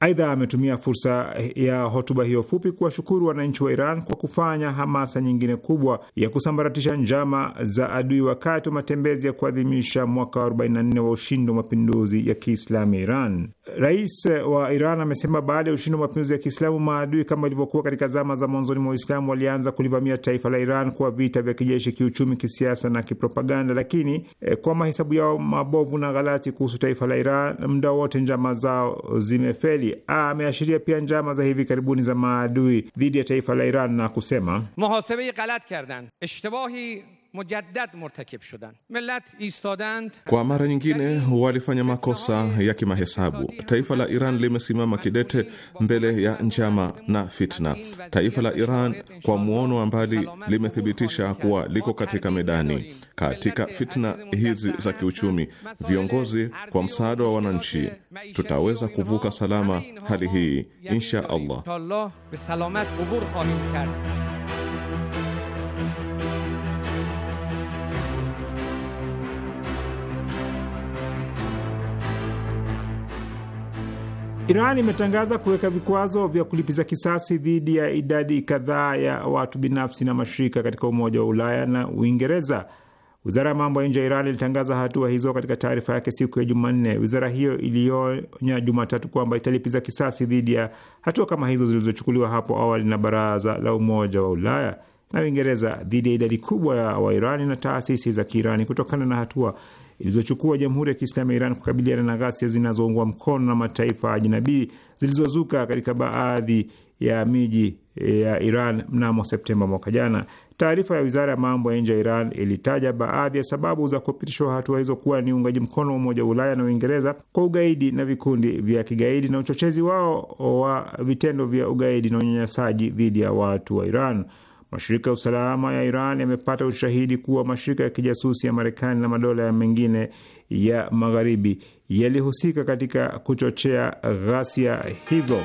Aidha, ametumia fursa ya hotuba hiyo fupi kuwashukuru wananchi wa Iran kwa kufanya hamasa nyingine kubwa ya kusambaratisha njama za adui wakati wa matembezi ya kuadhimisha mwaka wa 44 wa ushindi wa mapinduzi ya Kiislamu Iran. Rais wa Iran amesema baada ya ushindi wa mapinduzi ya Kiislamu, maadui kama ilivyokuwa katika zama za mwanzoni mwa Uislamu walianza kulivamia taifa la Iran kwa vita vya kijeshi, kiuchumi, kisiasa na kipropaganda, lakini eh, kwa mahesabu yao mabovu na ghalati kuhusu taifa la Iran, muda wote njama zao zimefeli. Ameashiria pia njama za hivi karibuni za maadui dhidi ya taifa la Iran na kusema muhasebe ghalat kardan ishtibahi kwa mara nyingine walifanya makosa ya kimahesabu. Taifa la Iran limesimama kidete mbele ya njama na fitna. Taifa la Iran kwa muono wa mbali limethibitisha kuwa liko katika medani. Katika fitna hizi za kiuchumi, viongozi kwa msaada wa wananchi, tutaweza kuvuka salama hali hii insha Allah. Iran imetangaza kuweka vikwazo vya kulipiza kisasi dhidi ya idadi kadhaa ya watu binafsi na mashirika katika Umoja wa Ulaya na Uingereza. Wizara ya mambo ya nje ya Iran ilitangaza hatua hizo katika taarifa yake siku ya Jumanne. Wizara hiyo ilionya Jumatatu kwamba italipiza kisasi dhidi ya hatua kama hizo zilizochukuliwa hapo awali na Baraza la Umoja wa Ulaya na Uingereza dhidi ya idadi kubwa ya Wairani na taasisi za Kiirani kutokana na hatua ilizochukua Jamhuri ya Kiislamu ya Iran kukabiliana na ghasia zinazoungwa mkono na mataifa ajinabii zilizozuka katika baadhi ya miji e, ya Iran mnamo Septemba mwaka jana. Taarifa ya wizara ya mambo ya nje ya Iran ilitaja baadhi ya sababu za kupitishwa hatua hizo kuwa ni uungaji mkono wa Umoja wa Ulaya na Uingereza kwa ugaidi na vikundi vya kigaidi na uchochezi wao wa vitendo vya ugaidi na unyanyasaji dhidi ya watu wa Iran. Mashirika ya usalama ya Iran yamepata ushahidi kuwa mashirika ya kijasusi ya Marekani na madola mengine ya magharibi yalihusika katika kuchochea ghasia hizo.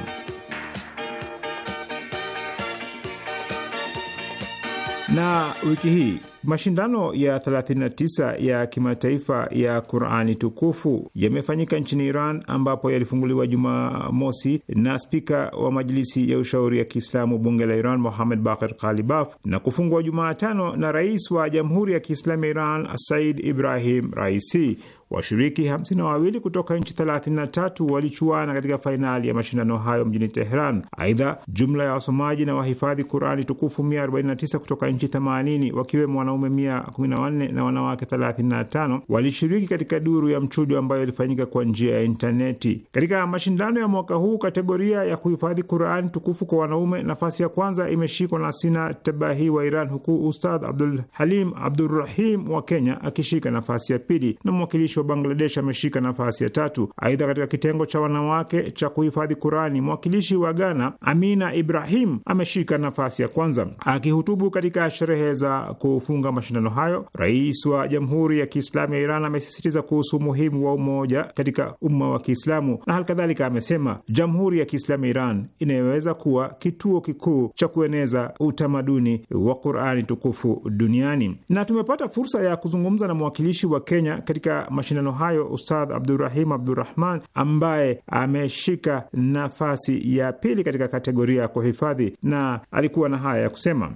Na wiki hii Mashindano ya 39 ya kimataifa ya Qurani tukufu yamefanyika nchini Iran ambapo yalifunguliwa Jumamosi na spika wa Majlisi ya Ushauri ya Kiislamu bunge la Iran Mohamed Bakir Kalibaf na kufungwa Jumatano na rais wa Jamhuri ya Kiislamu ya Iran Said Ibrahim Raisi. Washiriki 52 kutoka nchi 33 walichuana katika fainali ya mashindano hayo mjini Teheran. Aidha, jumla ya wasomaji na wahifadhi Qurani tukufu 149 kutoka nchi 80 wakiwemo wanaume 114 na wanawake 35 walishiriki katika duru ya mchujo ambayo ilifanyika kwa njia ya intaneti. Katika mashindano ya mwaka huu, kategoria ya kuhifadhi Qurani tukufu kwa wanaume, nafasi ya kwanza imeshikwa na Sina Tabahi wa Iran, huku Ustadh Abdul Halim Abdurrahim wa Kenya akishika nafasi ya pili na mwakilishi mwakilishi wa Bangladesh ameshika nafasi ya tatu. Aidha, katika kitengo cha wanawake cha kuhifadhi Kurani, mwakilishi wa Ghana Amina Ibrahim ameshika nafasi ya kwanza. Akihutubu katika sherehe za kufunga mashindano hayo, rais wa Jamhuri ya Kiislamu ya Iran amesisitiza kuhusu umuhimu wa umoja katika umma wa Kiislamu na halikadhalika amesema Jamhuri ya Kiislamu ya Iran inayoweza kuwa kituo kikuu cha kueneza utamaduni wa Qurani tukufu duniani. Na tumepata fursa ya kuzungumza na mwakilishi wa Kenya katika mashindano hayo Ustadh Abdurahim Abdurahman ambaye ameshika nafasi ya pili katika kategoria ya kuhifadhi na alikuwa na haya ya kusema: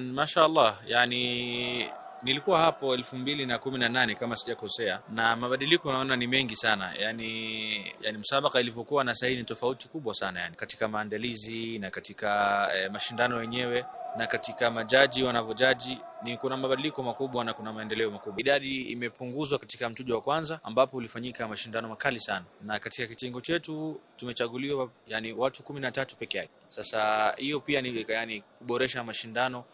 Masha yani Nilikuwa hapo elfu mbili na kumi na nane kama sijakosea, na mabadiliko naona ni mengi sana yani, yani msabaka ilivyokuwa na sahii ni tofauti kubwa sana yani, katika maandalizi na katika eh, mashindano yenyewe na katika majaji wanavyojaji ni kuna mabadiliko makubwa na kuna maendeleo makubwa. Idadi imepunguzwa katika mchujo wa kwanza ambapo ulifanyika mashindano makali sana, na katika kitengo chetu tumechaguliwa yani watu kumi na tatu peke yake. Sasa hiyo pia ni yani kuboresha mashindano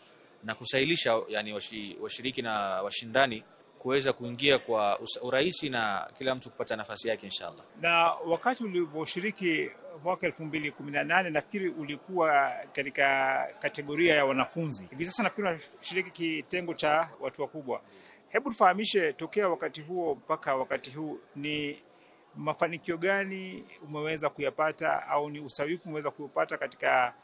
na kusahilisha yani washiriki na washindani kuweza kuingia kwa urahisi na kila mtu kupata nafasi yake inshallah. Na wakati uliposhiriki mwaka 2018 nafikiri ulikuwa katika kategoria ya wanafunzi, hivi sasa nafikiri unashiriki kitengo cha watu wakubwa. Hebu tufahamishe, tokea wakati huo mpaka wakati huu ni mafanikio gani umeweza kuyapata au ni usawiku umeweza kuupata katika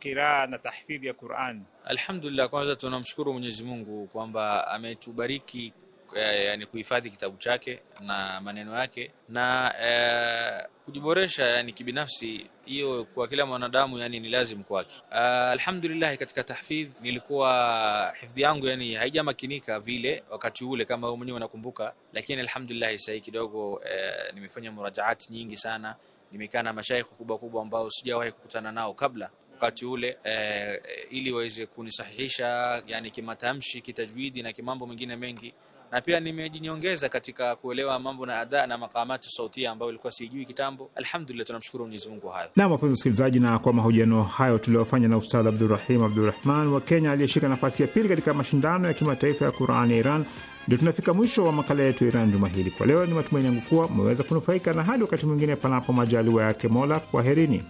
qiraa ah, na tahfidhi ya Qur'an. Alhamdulillah, kwanza tunamshukuru Mwenyezi Mungu kwamba ametubariki eh, yani kuhifadhi kitabu chake na maneno yake na eh, kujiboresha yani kibinafsi, hiyo kwa kila mwanadamu yani ni lazim kwake. Uh, alhamdulillah katika tahfidh nilikuwa hifadhi yangu yani haijamakinika vile wakati ule kama wewe mwenyewe unakumbuka, lakini alhamdulillah sasa kidogo eh, nimefanya murajaati nyingi sana nimekaa na mashaikh kubwa kubwa ambao sijawahi kukutana nao kabla wakati ule e, ili waweze kunisahihisha yani kimatamshi, kitajwidi na kimambo mengine mengi na pia nimejinyongeza katika kuelewa mambo na adha na makamati sautia ambayo ilikuwa sijui kitambo. Alhamdulillah, tunamshukuru Mwenyezi Mungu hayo. Na wapenzi msikilizaji, na kwa mahojiano hayo tuliyofanya na Ustadh Abdurahim Abdurahman wa Kenya aliyeshika nafasi ya pili katika mashindano ya kimataifa ya Qurani ya Iran, ndio tunafika mwisho wa makala yetu ya Iran juma hili. Kwa leo, ni matumaini yangu kuwa mmeweza kunufaika, na hadi wakati mwingine, panapo majaliwa yake Mola, kwaherini.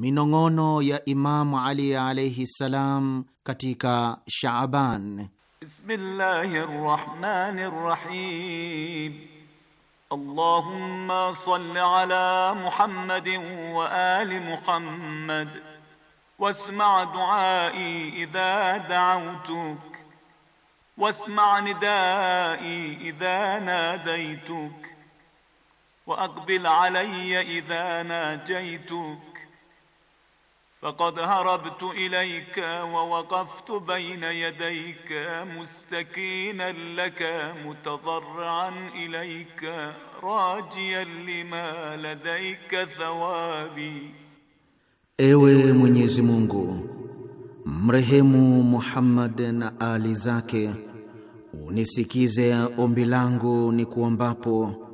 minong'ono ya Imamu Ali alaihi ssalam katika Shaaban. Bismillahi rahmani rahim. Allahumma salli ala Muhammadin wa ali Muhammad wasma duai idha dautuk wasma nidai idha nadaituk wa aqbil alayya idha najaituk Fakad harabtu ilayka wa waqaftu bayna yadayka mustakinan laka mutadharran ilayka rajian lima ladayka thawabi, Ewe Mwenyezi Mungu, mrehemu Muhammad na ali zake, unisikize ombi langu ni kuombapo,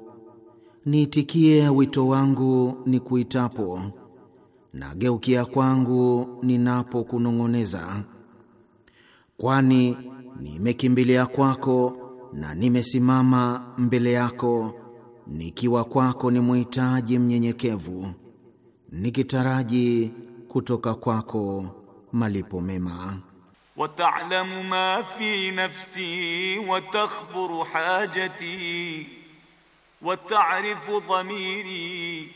niitikie wito wangu ni kuitapo na geukia kwangu ninapokunong'oneza, kwani nimekimbilia kwako na nimesimama mbele yako nikiwa kwako ni muhitaji mnyenyekevu, nikitaraji kutoka kwako malipo mema. wataalamu ma fi nafsi wa takhburu hajati wa ta'rifu dhamiri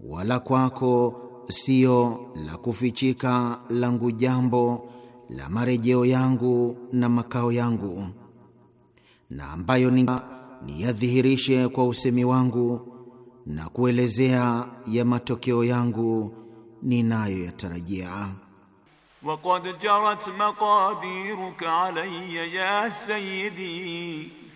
wala kwako sio la kufichika langu jambo la marejeo yangu na makao yangu, na ambayo niyadhihirishe kwa usemi wangu na kuelezea ya matokeo yangu ninayoyatarajia. waqad jarat maqadiruka alayya ya sayyidi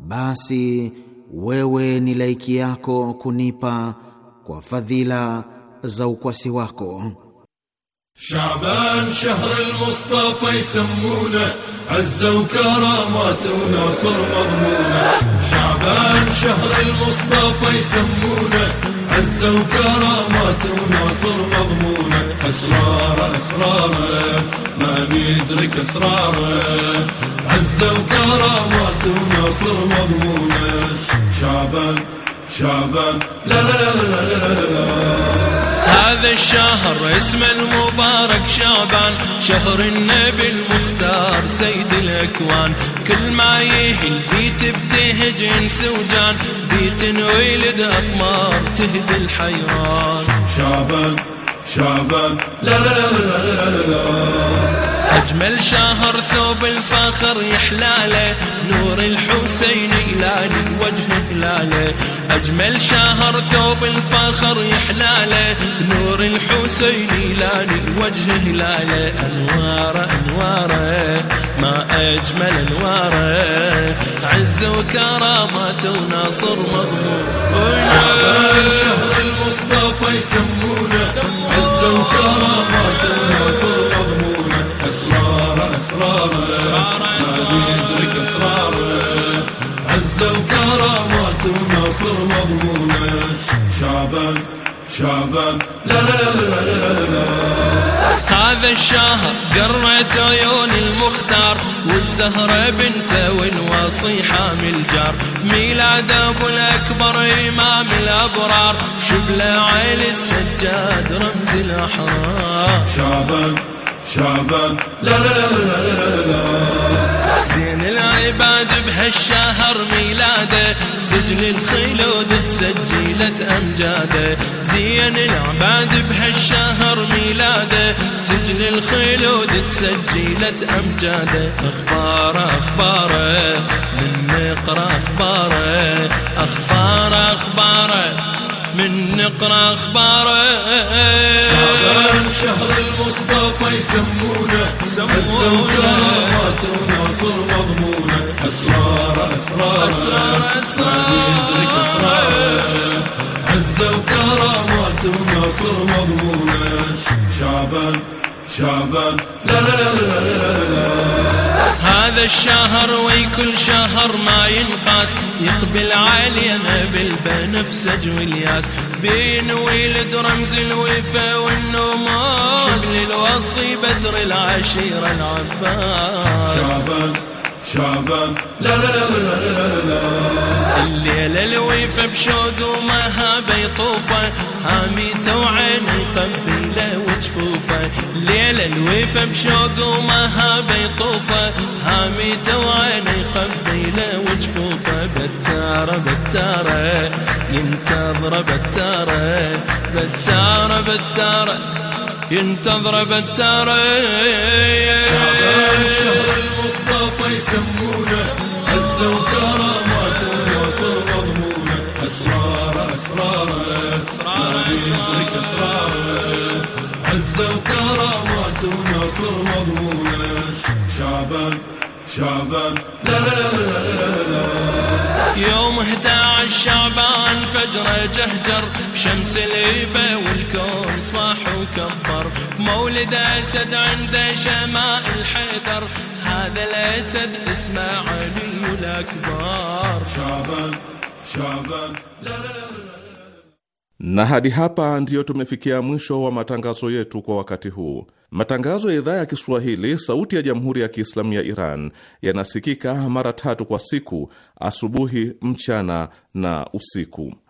basi wewe ni laiki yako kunipa kwa fadhila za ukwasi wako. Shaban shahr al-Mustafa yasamuna azza wa karamatuna wasar madmuna. Shaban shahr al-Mustafa عزة وكرامات ونصر مضمونة أسراره أسراره ما بيدرك أسراره عزة وكرامات وناصر مضمونة شعبان شعبان لا لا لا لا لا لا, لا, لا هذا الشهر اسم المبارك شعبان شهر النبي المختار سيد الأكوان كل ما يهل بيت بتهج انس وجان بيت ولد أقمار تهدي الحيران شعبان شعبان لا لا لا لا لا, لا, لا, لا أجمل شهر ثوب الفخر يحلاله نور الحسين يلال وجه هلاله أجمل شهر ثوب الفخر يحلاله نور الحسين يلال وجه هلاله أنواره أنواره ما أجمل أنواره عز وكرامات وناصر مغفور شهر المصطفى يسمونه عز وكرامات وناصر اسراره ما يدرك اسراره عزه وكرامات ونصر مضمونه شعبا شعبا لا لا لا لا لا, لا, هذا الشهر قرت عيون المختار والزهرة بنته والوصي حامل جار ميلاد ابو الاكبر امام الابرار شبل عيل السجاد رمز الاحرار شعبا شعبان لا لا لا لا لا لا, لا زين العباد بهالشهر ميلاده سجن الخلود تسجلت امجاده زين العباد بهالشهر ميلاده سجن الخلود تسجلت امجاده اخبار اخباره من نقرا اخباره أخبار, اخباره من نقرا اخباره شهران شهر المصطفى يسمونه الزوجات وناصر مضمونه اسرار اسرار اسرار اسرار يدرك اسراره عزه وكرامات وناصر مضمونه شعبان شعبان لا لا لا لا, لا, لا, لا هذا الشهر كل شهر ما ينقاس يقبل علينا بالبنفسج والياس بين ولد رمز الوفا والنماس الوصي بدر العشيرة العباس شعبان شعبان لا لا لا لا لا لا الليلة الويفة بشوق وما يطوفة هاميته وعينه مقبلة وجفوفة الليلة الويفة بشوق وما يطوفة هاميته وعينه مقبلة وجفوفة بتارة بتارة ينتظر بتارة بتارة بتارة ينتظر بتارة شعبان شعبان الضيافة يسمونه عزة وكرامات الناصر مضمونة أسرار أسرار أسرار يدرك أسرار عزة وكرامات الناصر مضمونة شعبا شعبا لا لا لا لا يوم 11 شعبان فجر جهجر بشمس الهيبة والكون صاح وكبر مولد أسد عند شمائل الحيدر هذا الاسد اسمه علي الاكبر شعبان شعبان لا لا لا na hadi hapa ndiyo tumefikia mwisho wa matangazo yetu kwa wakati huu. Matangazo ya idhaa ya Kiswahili sauti ya jamhuri ya Kiislamu ya Iran yanasikika mara tatu kwa siku: asubuhi, mchana na usiku.